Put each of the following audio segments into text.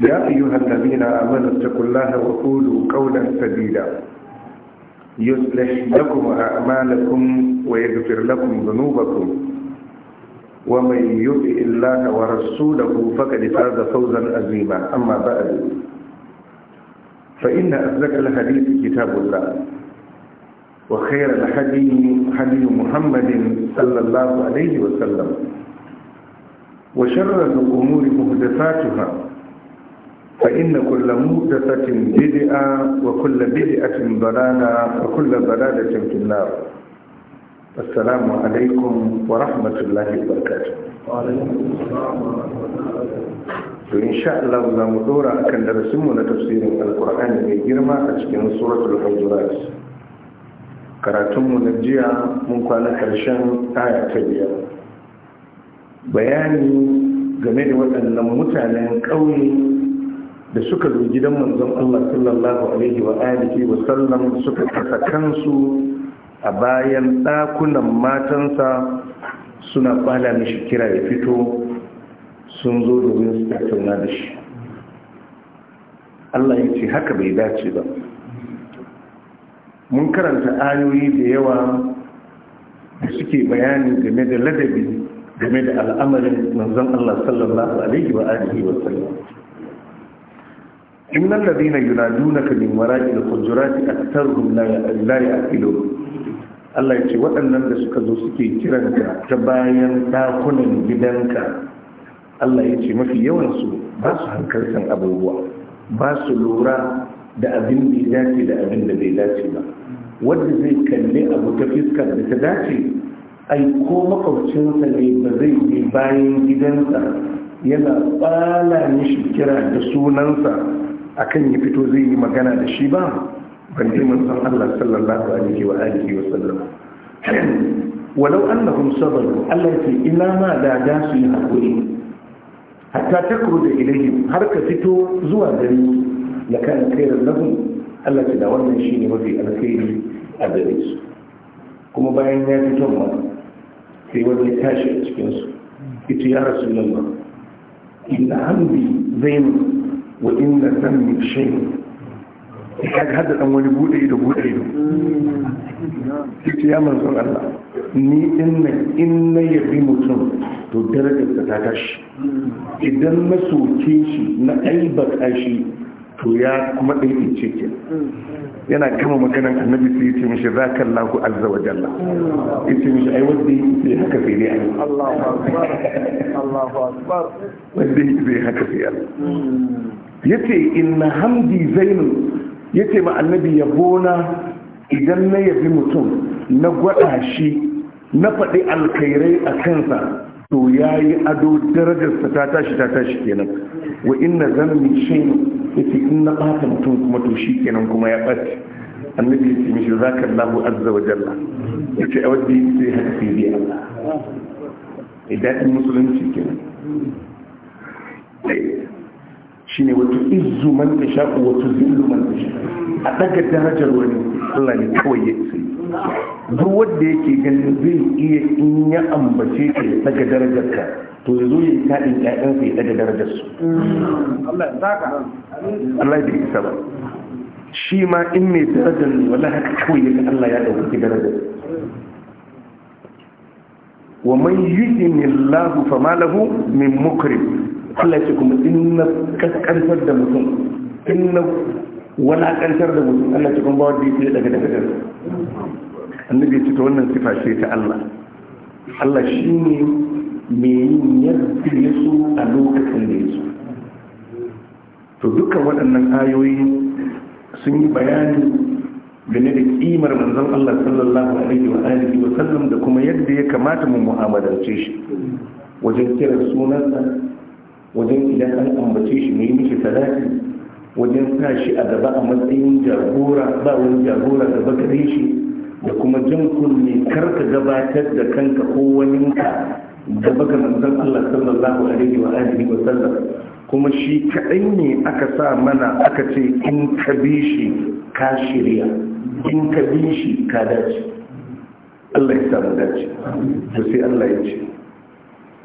يا أيها الذين آمنوا اتقوا الله وقولوا قولا سديدا يصلح لكم أعمالكم ويغفر لكم ذنوبكم ومن يطع الله ورسوله فقد فاز فوزا عظيما أما بعد فإن أصدق الحديث كتاب الله وخير الحديث حديث محمد صلى الله عليه وسلم وشر الأمور محدثاتها فإن كل مهدثة بدعة وكل بدعة ضلالة وكل ضلالة في النار السلام عليكم ورحمة الله وبركاته to insha Allah za mu dora kan darasinmu na tafsirin alkur'ani mai girma a cikin suratul hujurat karatun mu na jiya mun kwana ƙarshen aya ta biyar bayani game da waɗannan mutanen ƙauye da suka zo gidan manzon Allah sallallahu alaihi wa alihi wa sallam suka kasa kansu a bayan ɗakunan matansa suna bala mishi kira ya fito sun zo domin su tattauna da shi Allah ya ce haka bai dace ba mun karanta ayoyi da yawa da suke bayani game da ladabi game da al'amarin manzon Allah sallallahu alaihi wa alihi wa sallam innal ladina yunadunaka min wara'il hujurati aktharuhum a ya'qilun Allah ya waɗannan da suka zo suke kiranka ta bayan ɗakunan gidanka Allah ya ce mafi yawansu ba su hankalcin abubuwa ba su lura da abin da ya dace da abin da bai dace ba wanda zai kalli abu ta fiskar da ta dace ai ko makwabcinsa ne ba zai yi bayan gidansa yana tsala mishi kira da sunansa akan ya fito zai yi magana da shi ba ban manzon Allah sallallahu alaihi wa alihi wa sallam walau annahum sabaru Allah ke ina ma da da su yi hakuri hatta takru da ilayhim har ka fito zuwa gari la kana khairan lahum Allah ke da wannan shine mafi alkhairi a gare su kuma bayan ya fito ma sai wani ya tashi a cikin su ita ya rasulullah inna hamdi zainu wa inna san shai ya ga hada dan wani bude da bude ido kike ya manzon Allah ni inna inna yabi mutum to darajar ta tashi idan na soke shi na aibaka shi to ya kuma ɗin ce ke yana kama maganan annabi sai ya ce mishi za ka lagu azza wa jalla ya ce mishi ai wanda yi zai haka sai ne wanda ya ce haka sai an ya ce inna hamdi zainu ya ce ma annabi yabona idan na yabi mutum na gwada shi na faɗi alkairai a kansa to ya yi ado darajarsa ta tashi ta tashi kenan wa inna zanmi shainu yace in na bata mutum kuma to shi kenan kuma ya bace annabi ya ce mishi zaka Allahu azza wa jalla ce a wadda yi sai haka sai biya, Allah idan musulunci kenan shine wato izzu man tasha wato zillu man tasha a daga darajar wani Allah ne kawai ya isa duk wanda yake ganin zai iya in ya ambace ka ya daga darajar ka to ya zo ya yi taɗin ƴaƴansa ya daga darajar su Allah ya Allah bai isa ba shi ma in mai darajar ne wallahi haka kawai ya Allah ya ɗaukaki darajar wa man yu'min Allah fa ma lahu min mukrim Allah ce kuma in na kaskantar da mutum in na walakantar da mutum Allah ce kuma ba wadda yake daga daga daga annabi ce ta wannan sifa ce ta Allah Allah shi ne mai yin yadda ya so a lokacin da ya to dukkan waɗannan ayoyi sun yi bayani game da kimar manzon Allah sallallahu alaihi wa alihi wa sallam da kuma yadda ya kamata mu mu'amalance shi wajen kira sunansa wajen idan an ambace shi ne mishi salati wajen sa shi a gaba a matsayin jagora ba wani jagora gaba gare shi da kuma jan kunne kar ka gabatar da kanka ko waninka gaba ga manzon Allah sallallahu alaihi wa alihi wa sallam kuma shi kadai ne aka sa mana aka ce in ka bi shi ka shirya in ka bi shi ka dace Allah ya samu dace to sai Allah ya ce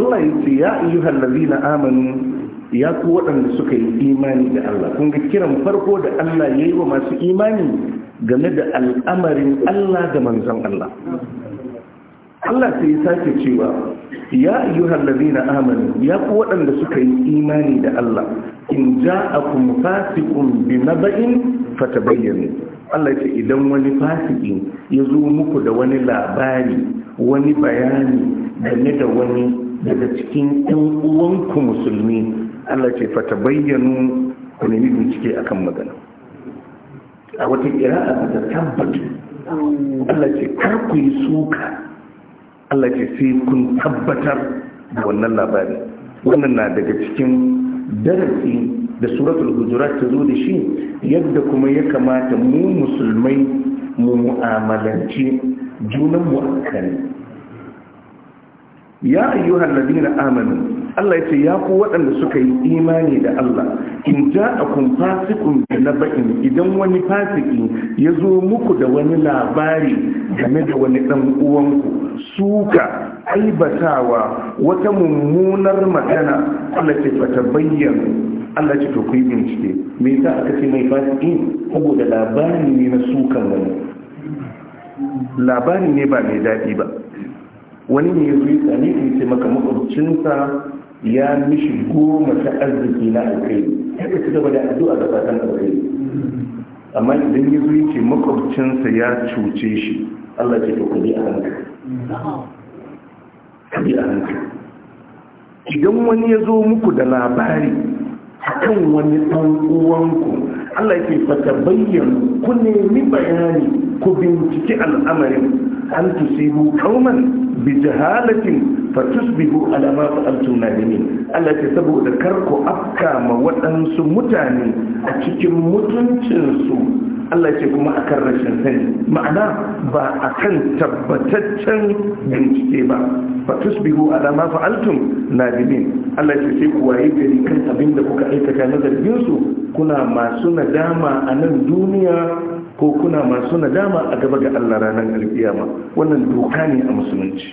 Allah ya ce ya ayyuhal ladina amanu ya ku waɗanda suka yi imani da Allah kun ga kiran farko da Allah ya yi wa masu imani game da al'amarin Allah da manzon Allah Allah sai ya sake cewa ya ayyuhal ladina amanu ya ku waɗanda suka yi imani da Allah in ja'akum fasiqun fata fatabayyanu Allah ce idan wani fasiki ya zo muku da wani labari wani bayani game da wani daga cikin ɗan uwanku musulmi Allah ce fata bayyanu ku nemi bincike akan magana a wata a ta tabbatu Allah ce kar ku yi suka Allah ce sai kun tabbatar da wannan labari wannan na daga cikin darasi da suratul hujurat ta zo da shi yadda kuma ya kamata mu musulmai mu mu'amalanci junanmu a ya ayyuhal ladina amanu Allah ya ce ya ku waɗanda suka yi imani da Allah in ja'akum fasiqun binaba'in idan wani fasiki ya zo muku da wani labari game da wani dan uwanku suka aibatawa wata mummunar magana Allah ce fa tabayyan Allah ce to ku bincike me yasa aka ce mai fasiki saboda labari ne na sukan wani labari ne ba mai daɗi ba wani ne ya zo tsani ya ce maka makwabcinsa ya mishi goma ta arziki na alkhairi Ya ka ci gaba da addu'a da fatan alkhairi amma idan ya zo ya ce makwabcinsa ya cuce shi Allah ce to ka bi a hankali ka bi a hankali idan wani ya zo muku da labari akan wani ɗan uwanku Allah ke fata bayyana ku nemi bayani ku binciki al'amarin an tusibu kauman bi jahalatin fa tusbihu ala Allah ce saboda kar ku afka ma waɗansu mutane a cikin mutuncinsu Allah ce kuma akan rashin sani ma'ana ba akan tabbataccen bincike ba fa tusbihu ala ma fa'altum Allah ce sai ku waye gari kan abin da kuka aikata na zargin kuna masu nadama a nan duniya ko kuna masu nadama a gaba ga Allah ranar alkiyama wannan doka ne a musulunci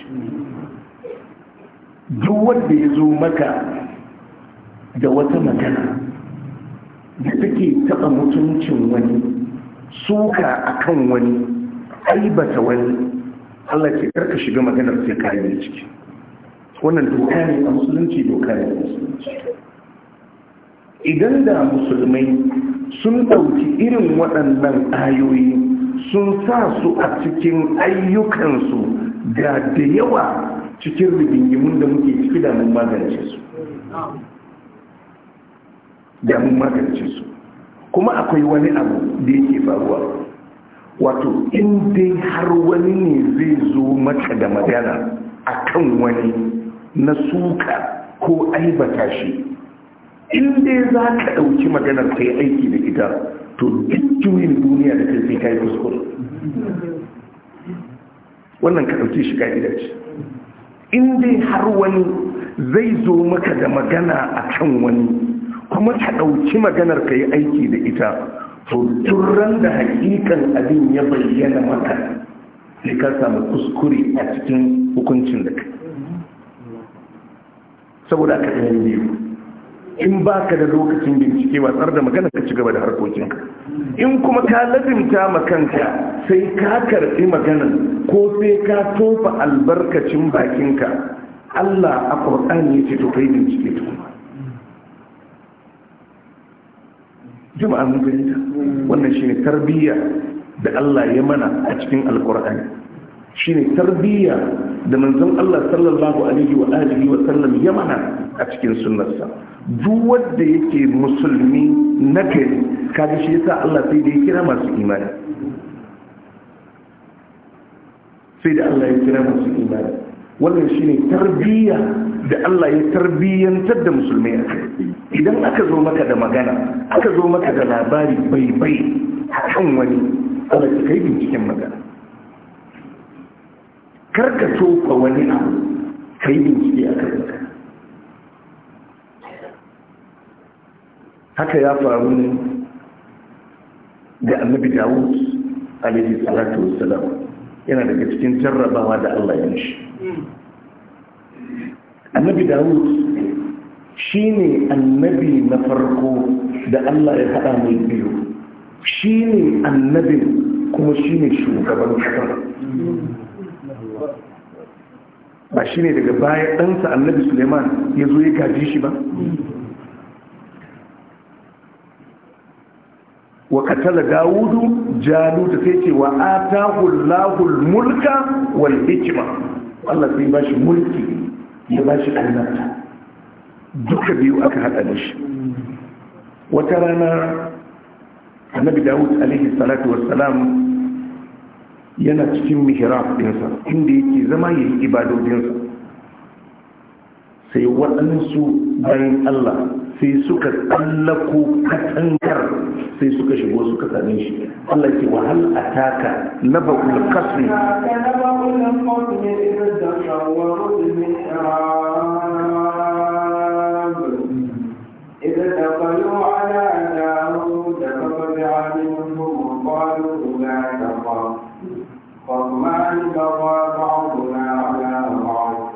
duk wanda ya zo maka da wata magana da take taɓa mutuncin wani suka akan wani aibata wani Allah ke karka shiga maganar sai kayan ciki wannan doka ne a musulunci doka ne a musulunci idan da musulmai sun ɗauki irin waɗannan ayoyi sun sa su a cikin ayyukansu da da yawa cikin rigingimin da muke ciki da mun magance su da magance su kuma akwai wani abu da yake faruwa wato in dai har wani ne zai zo maka da magana a kan wani na suka ko aibata shi in dai za ka ɗauki maganar kai aiki da ita to duk juyin duniya da sai ka yi kuskure wannan ka ɗauki shi ka'ida ce in dai har wani zai zo maka da magana a kan wani kuma ka ɗauki maganar ka yi aiki da ita to turan da hakikan abin ya bayyana maka sai ka samu kuskure a cikin hukuncin da kai saboda ka ɗaya biyu in ba ka da lokacin bincike watsar da magana ka ci gaba da harkokinka in kuma ka lazimta ma kanka sai ka karɓi magana ko sai ka tofa albarkacin bakinka allah a ƙur'ani ya ce to kai bincike tukuna juma'a mun gani wannan ne tarbiyya da allah ya mana a cikin alƙur'ani shine tarbiyya da manzon Allah sallallahu alaihi wa alihi wa sallam ya mana a cikin sunnarsa duk wanda yake musulmi na gari kaga shi yasa Allah sai da ya kira masu imani sai da Allah ya kira masu imani wannan shine tarbiyya da Allah ya tarbiyyantar da musulmai a kai idan aka zo maka da magana aka zo maka da labari bai bai a kan wani Allah ya kai binciken magana karka tofa wani abu ka yi bincike a kan haka ya faru ne da annabi dawud alaihi salatu wassalam yana daga cikin jarrabawa da allah ya nishi annabi dawud shi ne annabi na farko da allah ya haɗa mai biyu shi ne annabin kuma shi ne shugaban kasar ba shi ne daga baya ɗansa annabi suleiman ya zo ya gaji shi ba wa katala dawudu jaluta sai ce wa atahu lahul mulka wal hikma Allah sai ba shi mulki ya ba shi annabta duka biyu aka hada da shi wata rana annabi dawud alaihi salatu wassalam yana cikin mihrab ɗinsa inda yake zama ya yi ibadodinsa sai waɗansu bayan Allah sai suka tsallako katangar sai suka shigo suka same shi Allah ke wahal a taka na ba'ul kasri بغى بعضنا على بعض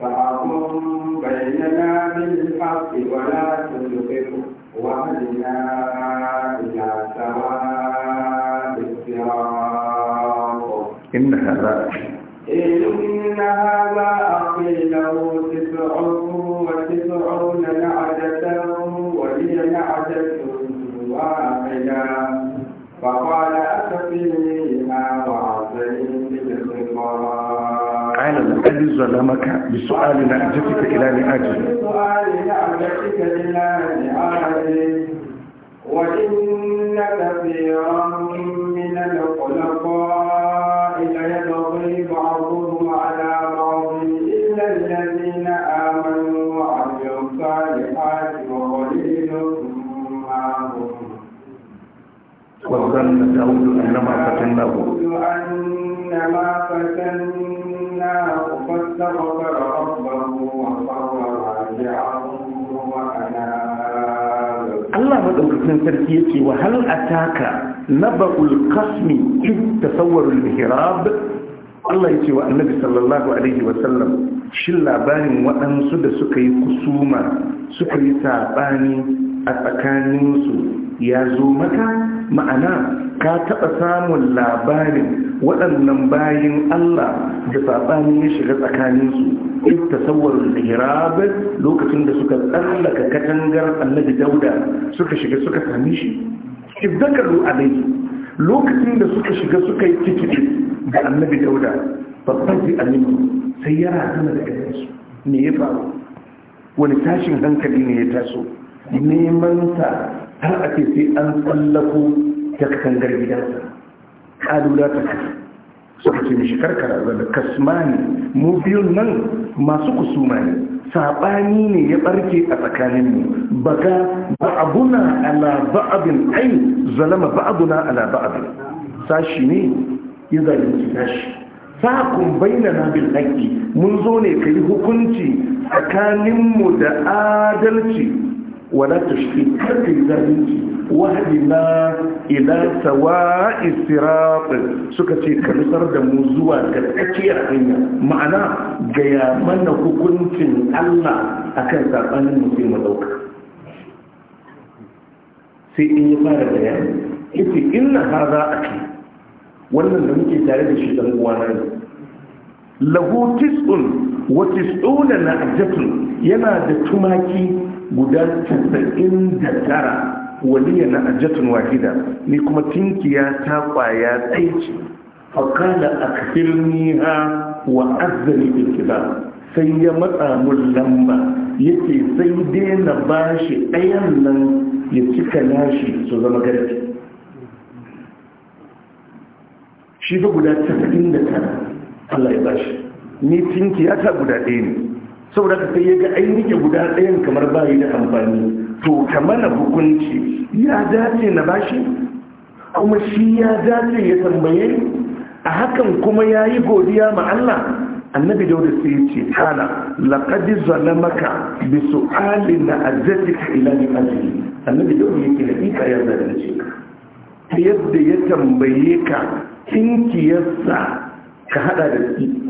فأقم بيننا بالحق ولا تشقق واهدنا إلى سواء الصراط إن هذا إن هذا أخي له تسع وتسعون نعمة ali zalamaka bi su'alina ajtika ila ni aji su'alina ajtika ila ni aji wa inna kathiran min al-qulaba ila yadri ba'dhu ala ba'd illa alladhina amanu wa amilu salihati wa qalilun ma hum وظن داود أنما فتنه وظن أنما فتنه Allah maɗaukakin sarki yake wa hal ataka naba'ul kasmi in Tafawar mihrab Allah ce wa Annabi sallallahu alaihi wa sallam shin labarin waɗansu da suka yi kusuma suka yi saɓani a tsakaninsu ya zo maka ma'ana ka taɓa samun labarin waɗannan bayin Allah da sabani ya shiga tsakaninsu if tasawwar hirab lokacin da suka tsallaka katangar annabi dauda suka shiga suka sami shi if alayhi lokacin da suka shiga suka yi kitici ga annabi dauda babban ji aminu sai ya razana da su. me ya faru wani tashin hankali ne ya taso neman sa har ce sai an tsallako ta katangar gidansa ƙalula ta kasa suka ce mishi karkara da kasmani mu biyun nan masu kusuma ne saɓani ne ya ɓarke a tsakanin mu baga ba'abuna ala ba'abin ai zalama ba'abuna ala ba'abin sashi ne ya zalunci sashi sakun na bil haƙƙi mun zo ne kai hukunci tsakanin mu da adalci wala tushki kar kai zalunci wahdina ila sawa'i sirat suka ce ka nusar da mu zuwa ga tsakiyar hanya ma'ana gaya mana hukuncin Allah akan sabanin mu sai mu dauka sai in yi fara bayani yace inna hadha aki wannan da muke tare da shi dan uwana ne lahu tis'un wa tis'una na'jatun yana da tumaki guda tara. waliya na ajatun wahida ni kuma tinkiya ta kwaya tsaiki faƙala a kafirni ha wa azzali bilkiba sai ya matsa mun lamba yake sai dai na bashi ɗayan nan ya cika nashi su zama garki shi ga guda 99 Allah ya bashi ni tinkiya ta guda ɗaya ne saboda ka sai ya ga ainihin guda ɗayan kamar bayi da amfani to kamana hukunci ya dace na bashi kuma shi ya dace ya tambaye a hakan kuma ya yi godiya ma Allah annabi da sai ce kala laƙadi zalamaka bi su'ali na ajatika ila ni ajiyar annabi da yake ika ya zarance ka yadda ya tambaye ka kinkiyarsa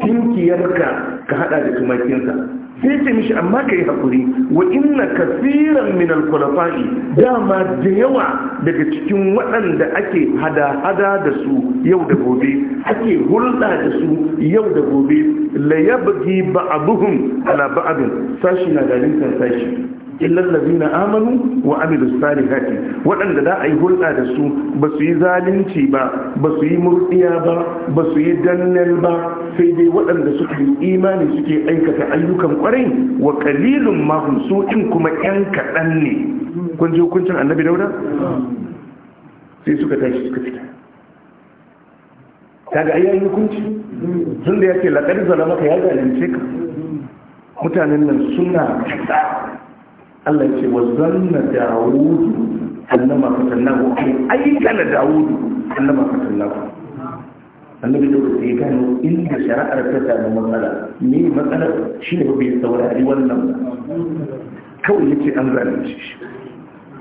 tinkiyarka ka hada da tumakinsa sai ce mishi amma ka yi haƙuri wa inna kasiran min alkulafa'i dama da yawa daga cikin waɗanda ake hada-hada da su yau da gobe ake hulɗa da su yau da gobe la yabgi buhun ala ba'adun sashi na galintar sashi illal ladina amanu wa amilu salihati waɗanda za a yi hulɗa da su ba su yi zalunci ba ba su yi murdiya ba ba su yi dannal ba sai dai waɗanda suke yi imani suke aikata ayyukan kwarai wa qalilun ma su in kuma yan kaɗan ne kun ji hukuncin annabi dauda sai suka tashi suka fita kaga ayyayin hukunci tun da yake laƙar zalamaka ya zalunce ka mutanen nan suna kaɗa Allah ce wa zanna Dawudu annama fatannahu ai aikana Dawudu annama fatannahu annabi da sai gano inda shari'ar ta da matsala me matsala shine ne bai saurari wannan kawai yake an zalunce shi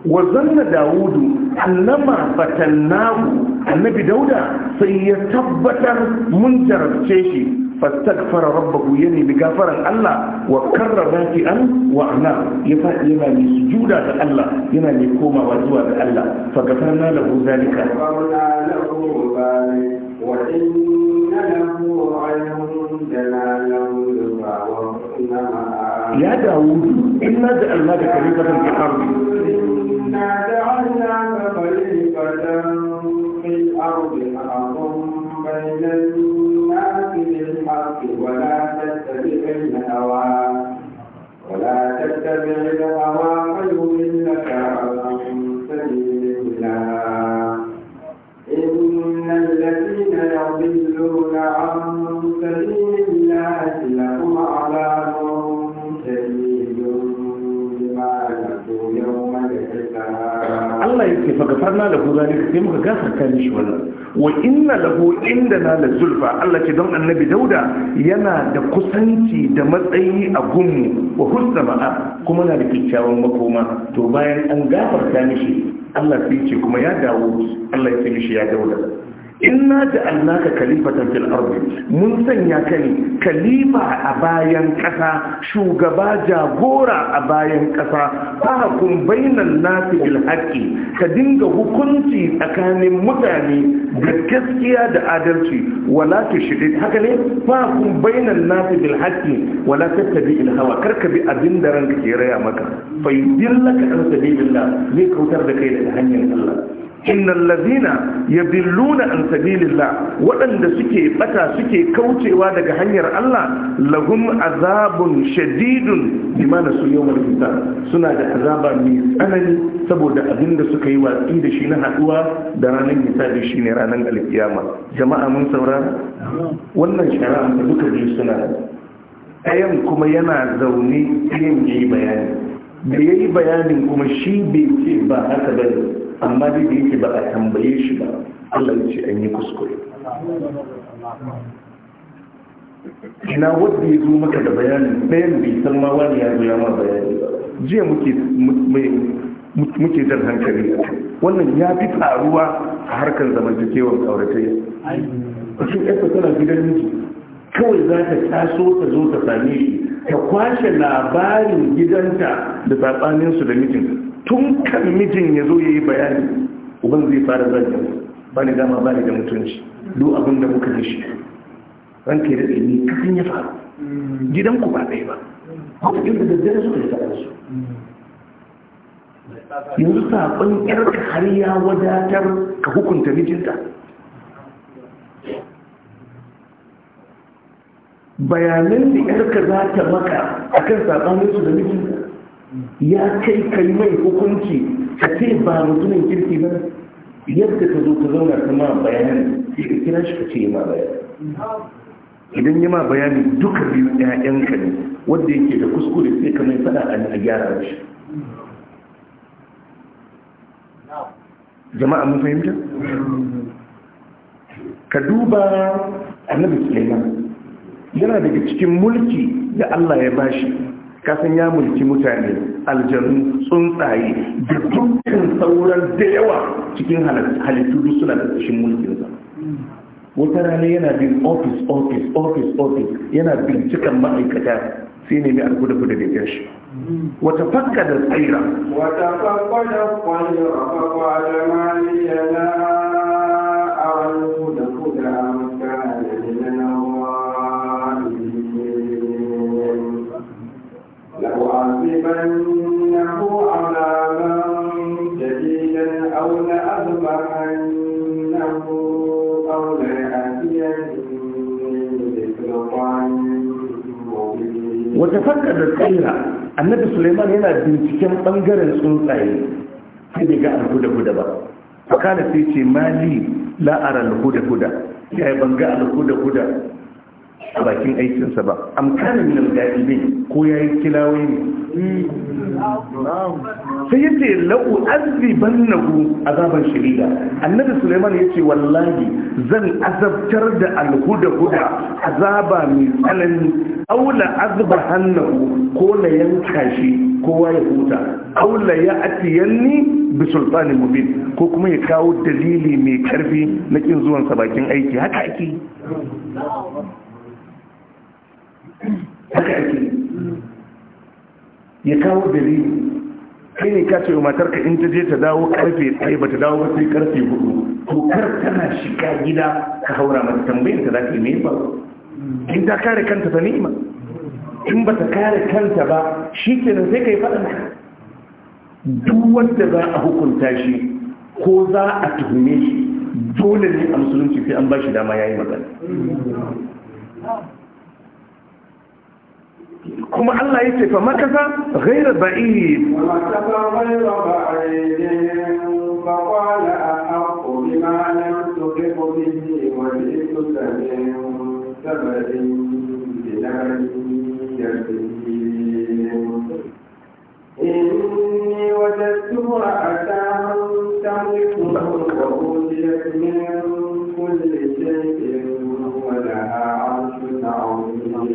wa zanna Dawudu annama fatannahu annabi Dauda sai ya tabbatar mun jarabce shi فاستغفر ربه يني بغفران الله وكر ذاتي أن وعنا يفعل يما سجودا الله يما يكوما وزوى الله فغفرنا له ذلك غفرنا له ذلك وإن له عندنا لولفا يا داوود إنا جعلناك خليفة في الأرض إنا جعلناك خليفة في الأرض أقم بين الحق ولا تتبع الهوى ولا تتبع الهوى فيضلك عن سبيل الله إن الذين يضلون عن سبيل Allah yake fa gafarna lahu zalika sai muka gafarta mishi wannan wa inna lahu na la zulfa Allah ce don annabi Dauda yana da kusanci da matsayi a gunmu wa husna ma'a kuma na da kyakkyawan makoma to bayan an gafarta mishi Allah sai ce kuma ya dawo Allah ya ce mishi ya Dauda inna ja'alnaka khalifatan fil ardi mun sanya ka khalifa a bayan kasa shugaba jagora a bayan kasa fa fahkum bainan nasi bil haqqi ka dinga hukunci tsakanin mutane da gaskiya da adalci wala tushdid haka ne fa fahkum bainan nasi bil haqqi wala tattabi al hawa karka bi abin da ranka ke raya maka fa yudillaka an sabilillah ne kautar da kai daga hanyar Allah innal ladina yadilluna an sabilillah waɗanda suke bata suke kaucewa daga hanyar Allah lahum azabun shadidun bima nasu yawmal hisab suna da azaba mai tsanani saboda abinda suka yi watsi da shi na haduwa da ranar hisabi shine ranar alkiyama jama'a mun saurara wannan shari'a da duka biyu suna ayan kuma yana zaune yin yayi bayani da yayi bayanin kuma shi bai ce ba haka bane amma dai da yake ba a tambaye shi ba Allah ya ce an yi kuskure ina wadda ya zo maka da bayani ɗayan bai san ma wani ya zo ya ma bayani jiya muke jan hankali wannan ya fi faruwa a harkar zamantakewar auratayya cikin ƙasa tana gidan miji kawai za ta taso ta zo ta same shi ta kwashe labarin gidanta da saɓaninsu da mijinta tun kan mijin ya zo ya yi bayani uban zai fara zagin ba ni dama ba ni da mutunci duk abin da muka gishi ran ke da ni kafin ya faru ku ba ɗaya ba kuma inda da dare suka yi su yanzu saƙon yarka har ya wadatar ka hukunta mijinta bayanan da yarka za ta maka akan saƙoninsu da mijinta ya kai kai mai hukunci ka ce ba mutumin kirki ba yadda ka zo ka zauna ka ma bayanin sai ka kira shi ka ce ma bayani idan yi ma bayani duka biyu ƴaƴanka ne wanda yake da kuskure sai ka mai faɗa a gyara shi jama'a mun fahimta ka duba annabi Suleiman yana daga cikin mulki da Allah ya bashi kasan ya mulki mutane aljanu tsuntsaye da dukkan sauran da yawa cikin halittu duk suna da ƙashin mulkinsa wata rana yana bin ofis ofis ofis ofis yana bincikan ma'aikata sai ne mai gudu gudu da gashi wata fakka da tsaira wata fakka da kwanye a kwakwa da maliya yana a wani gudu gudu wata عذابا da أو annabi suleiman yana binciken bangaren tsuntsaye sai daga alhuda-huda ba fakana sai ce mali la'ar alhuda-huda ya yi banga alhuda-huda a bakin aikinsa ba amkanin nan daɗi ne ko ya yi kilawai sai ya ce la'u aziban na ku azaban shirida annabi suleiman ya ce wallahi zan azabtar da alhuda huda azaba mai tsanani aula azaba hannu ko na yanka shi kowa ya huta aula ya atiyanni bi sultani mubin ko kuma ya kawo dalili mai karfi na kin zuwansa bakin aiki haka ake ya kawo dalili kai ne ka ce wa matarka in ta je ta dawo karfe ɗaya ba ta dawo ba sai karfe hudu to kar tana shiga gida ka haura mata tambayin ta za ka yi ba in ta kare kanta ta nima, in ba ta kare kanta ba shi ke nan sai ka yi faɗin duk wanda za a hukunta shi ko za a tuhume shi dole ne a musulunci sai an ba shi dama ya yi magana kuma Allah ya ce fa makasa ghayra ba'id إني وجدت أتاها تملكهم وأوتيت من كل شيء ولها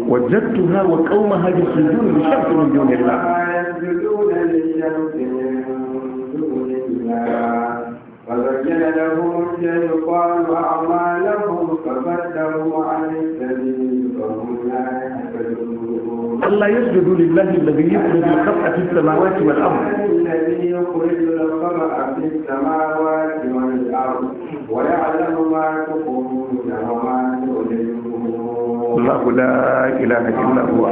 وجدتها وقومها يسجدون للشمس من دون الله يسجدون للشمس من دون الله فبين لهم الشيطان أعمالهم فبدلوا عن السبيل فهم لا يهتدون الله يسجد لله الذي يخرج الخلق في السماوات والأرض الذي يخرج الخلق في السماوات والأرض ويعلم الله لا إله إلا هو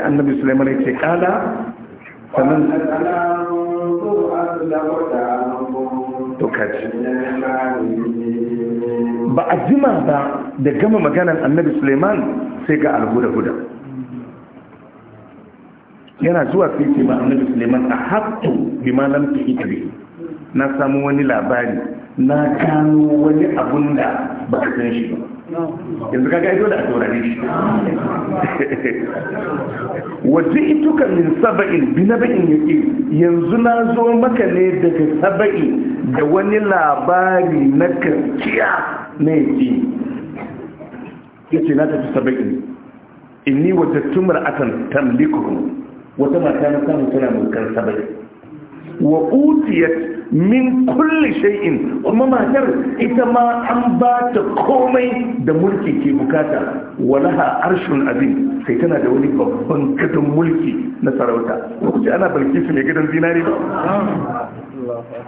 annabi Sulaiman ya ce kala sannan to ba a jima ba da gama maganan annabi Sulaiman sai ga alhuda-huda yana zuwa sai ce annabi Sulaiman a haƙƙo bi ma lam na samu wani labari na gano wani abun da ba a san shi ba yanzu ka gaido da a saurare shi wajen ituka min saba'in bi na ba'in yake yanzu na zo maka ne daga saba'in da wani labari na karkiya na yake yace na tafi saba'in inni wajattu mar'atan tamlikuhum wata mata na samun tana mulkar saba'in wa utiyat min kulli shay'in kuma matar ita ma an ba ta komai da mulki ke bukata walaha arshun abin sai tana da wani babban gadon mulki na sarauta ba ku ce ana balkisu mai gadon zinari ba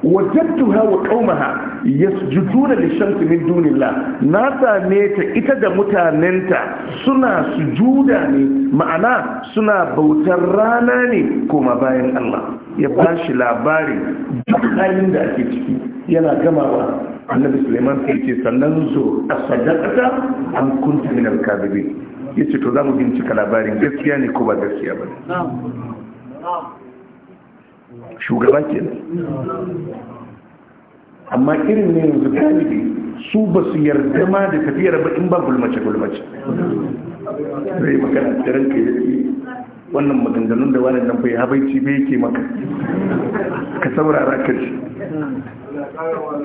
wajattuha wa qaumaha yasjuduna lishamsi min dunillah na same ta ita da mutanenta suna sujuda ne ma'ana suna bautar rana ne koma bayan Allah ya ba shi labari duk halin da ake ciki yana gamawa annabi suleiman sai ce sannan zo a sadakata an kunta min alkazibi ya ce to za mu bincika labarin gaskiya ne ko ba gaskiya ba shugaba ke amma irin ne yanzu galibi su ba su yarda ma da tafiyar ba in ba gulmace gulmace zai magana da ranka wannan maganganun da wani nan bai habaici bai yake maka ka saurara ka ci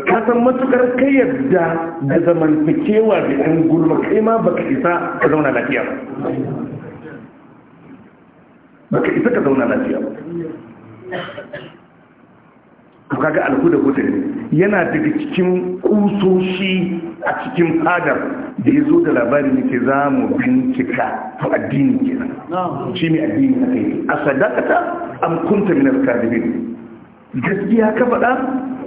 ka san matukar kai yadda da fikewa da yan gulma kai ma baka isa ka zauna lafiya ba baka isa ka zauna lafiya ba to kaga da huda yana daga cikin kusoshi a cikin fadar da ya zo da labari ne ke za mu bincika to addini kenan shi ne addini a kai a sadakata an kunta min al-kadibin gaskiya ka faɗa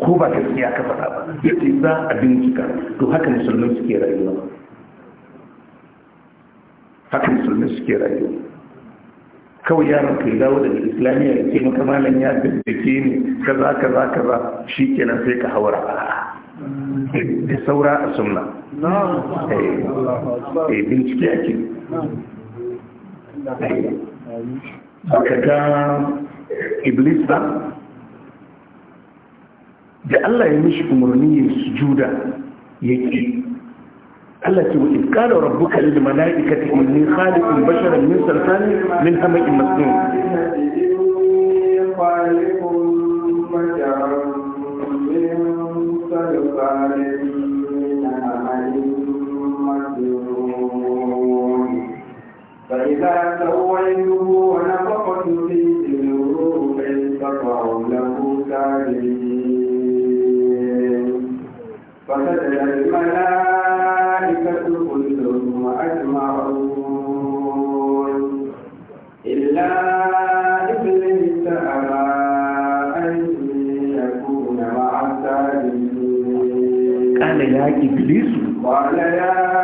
ko ba gaskiya ka faɗa ba ya ce za a bincika to haka musulmai suke rayuwa haka musulmai suke rayuwa kawai yaron ka dawo daga islamiyya da ke maka malam ya daddake ne kaza kaza kaza shi kenan sai ka haura da saura a sunna eh, eh bincike ake eh, Ka ga iblis ba da Allah ya mishi umarni ya sujuda yake التي وإذ إيه؟ قال ربك للملائكة إني خالق بشرا من سلطان من همإ مسنون فإذا سويته ونفقت فيه الروح فقعوا له كاملين فسجد الملائكة إبليس قال يا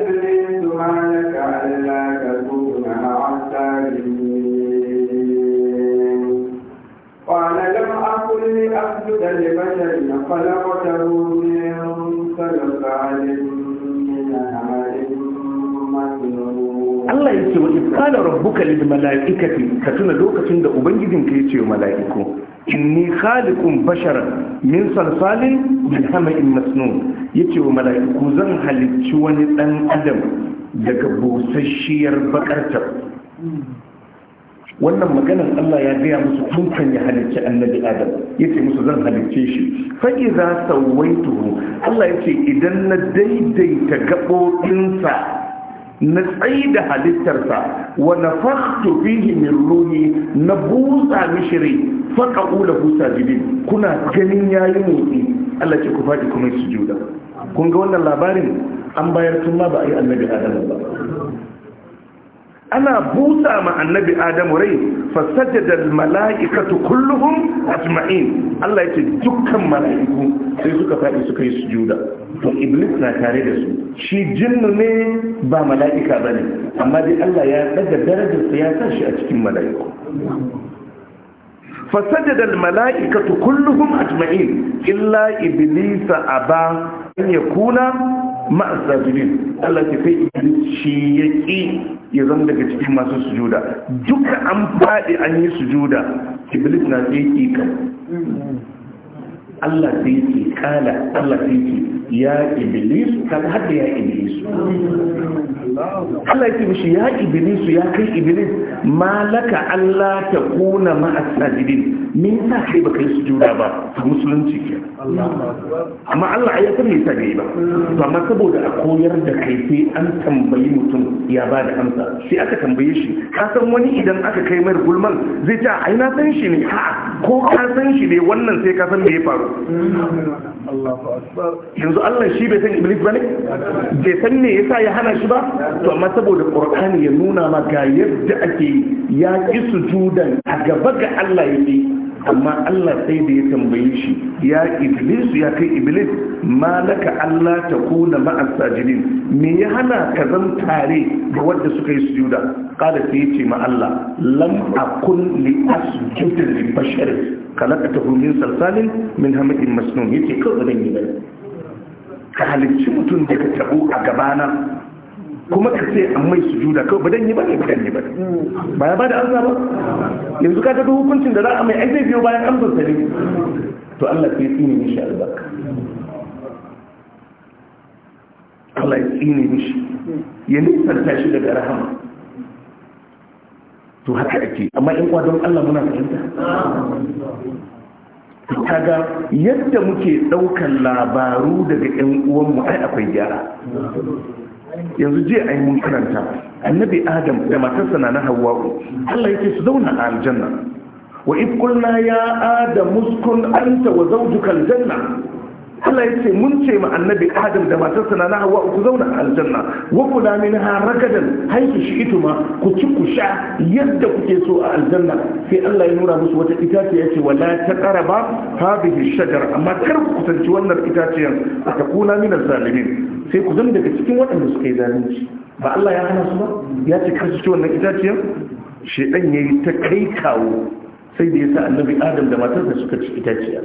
إبليس ما لك ألا تكون مع الساجدين قال لم أكن لأسجد لبشر خلقته من صلصال من نار Allah ya ce wa iskala rabbuka lil mala'ikati ka tuna lokacin da ubangijin ka yace wa mala'iku inni khaliqun basharan min salsalin min hama'in masnun ya ce wa mala'iku zan halicci wani ɗan adam daga busasshiyar bakartar wannan maganar Allah ya gaya musu tun kan ya halicci annabi Adam ya ce musu zan halicce shi faƙi za sauwaituhu Allah ya ce idan na daidaita gaɓoɓinsa na tsayi da halittarsa wa na faktu fihi min ruhi na busa mishiri faƙa'u da busa jibin kuna ganin yayi motsi Allah ce ku faɗi kuma su juda kun ga wannan labarin an bayar tun ma ba a yi annabi adamu ba ana busa ma annabi adamu rai da mala'ikatu kulluhum ajma'in Allah yake dukkan mala'iku sai suka fadi suka yi sujuda to iblis na tare da su shi jinnu ne ba mala'ika ba ne. amma dai Allah ya daga darajar sa shi a cikin mala'iku da mala'ikatu kulluhum ajma'in illa iblisa ba. an ya kuna ma'asajidin Allah ta kai shi ya ƙi ya zama daga cikin masu sujuda duka an faɗi an yi sujuda iblis na sai ƙi kan Allah sai ƙi kala Allah sai ƙi ya iblis ta haɗe ya iblis Allah ya shi ya iblis ya kai iblis malaka Allah ta kuna ma'asajidin me sa kai baka yi sujuda ba ta musulunci ke amma Allah ya san me yasa bai ba to amma saboda a koyar da kai sai an tambayi mutum ya ba da amsa sai aka tambaye shi ka san wani idan aka kai mai gulman zai ce ai na san shi ne ha ko ka san shi ne wannan sai ka san me ya faru yanzu Allah shi bai san iblis bane bai san me yasa ya hana shi ba to amma saboda qur'ani ya nuna ga yadda ake ya ki sujudan a gaba ga Allah yake amma Allah sai da ya tambaye shi ya iblis ya kai iblis malaka Allah ta kuna ma'an sajidin me ya hana ka zan tare da wanda suka yi sujuda kada sai ce ma Allah lam akun li asjuda li bashar kalaqatahu min salsalin min hamadin masnun yace kawai zan yi ka halicci mutum ka taɓo a gabana kuma ka ce an mai sujuda kawai ba dan yi ba ne ba yi ba ba ya bada amsa ba yanzu ka tafi hukuncin da za a mai ai zai biyo bayan an sa ne to Allah tsini tsine shi albarka Allah ya tsine shi ya nisanta shi daga rahama to haka ake amma in kwadon Allah muna fahimta kaga yadda muke daukan labaru daga 'yan uwanmu ai akwai gyara yanzu je a yi mun karanta annabi adam da matarsa na na hawa'u allah yake su zauna a aljanna wa if ya adam muskun anta wa zawjuka aljanna Allah ya ce mun ce ma annabi Adam da matarsa na Hawwa ku zauna a aljanna wa kula min ha ragadan haiki shi ituma ku ci ku sha yadda kuke so a aljanna sai Allah ya nura musu wata itaciya ce wala ta qaraba hadhihi shajar amma kar ku kusanci wannan itaciyar a kula min zalimin sai ku zama daga cikin waɗanda suke zalunci ba Allah ya hana su ba ya ce kar su ci wannan itaciyar shedan yayi ta kai kawo sai da yasa annabi Adam da matarsa suka ci itaciyar.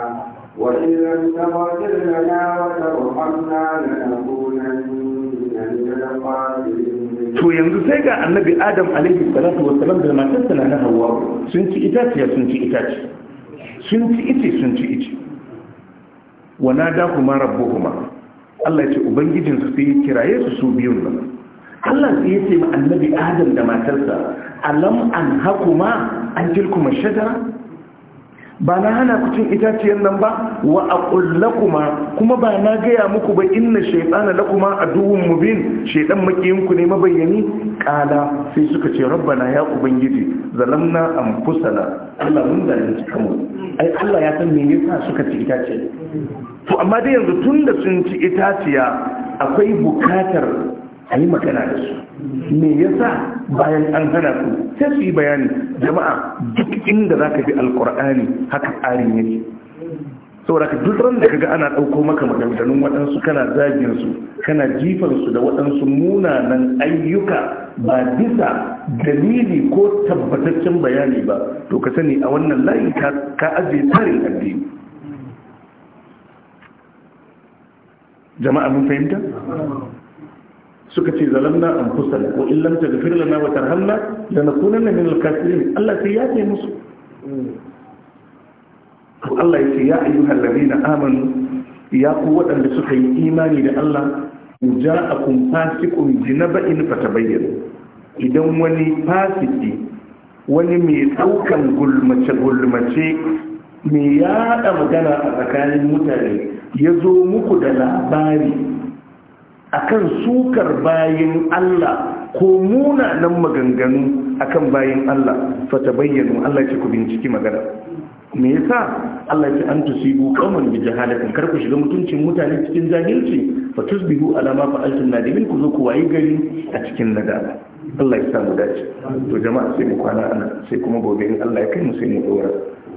وإذا استغفر لنا وترحمنا لنكونن من الخاسرين to yanzu sai ga annabi adam alaihi salatu wa salam da matarsa na hawa sun ci itaciya sun ci itaci sun ci ice sun ci ice wa nada kuma rabbuhuma Allah ya ce ubangijin su sai kiraye su su biyun nan Allah sai ya ce ma annabi adam da matarsa alam an hakuma an tilkuma shajara ba na hana ku cin itaciyar nan ba wa aqullakuma kuma ba na gaya muku ba inna shaytana lakuma duhun mubin shaitan makiyinku ne mabayyani kala sai suka ce rabbana ya ubangiji zalamna anfusana Allah mun zalunci kanmu ai Allah ya san me yasa suka ci itaciya to amma dai yanzu tunda sun ci itaciya akwai bukatar a yi magana da su me yasa bayan an hana su sai su yi bayani jama'a duk inda za ka bi alkur'ani haka tsarin yake saboda ka duk ran da ga ana ɗauko maka maganganun waɗansu kana zagin su kana jifan su da waɗansu munanan ayyuka ba bisa dalili ko tabbataccen bayani ba to ka sani a wannan layi ka ajiye tarin addini jama'a mun fahimta suka ce an kusan ko in lam taghfir lana wa na lanakunanna min al-khasirin Allah sai ya ce musu to Allah yake ya amanu ya ku waɗanda suka yi imani da Allah a ja'akum fasiqun jinaba'in bayyana. idan wani fasiki wani mai ɗaukan gulmace gulmace mai yaɗa magana a tsakanin mutane ya zo muku da labari akan sukar bayin Allah ko munanan maganganu akan bayin Allah fata bayyanu Allah ce ku binciki magana me yasa Allah ce an tusibu kaman bi jahalatin kar ku shiga mutuncin mutane cikin jahilci fa tusbihu ala ma fa'altum nadimin ku zo ku wayi gari a cikin nadama Allah ya samu dace to jama'a sai mu kwana ana sai kuma gobe in Allah ya kai mu sai mu dora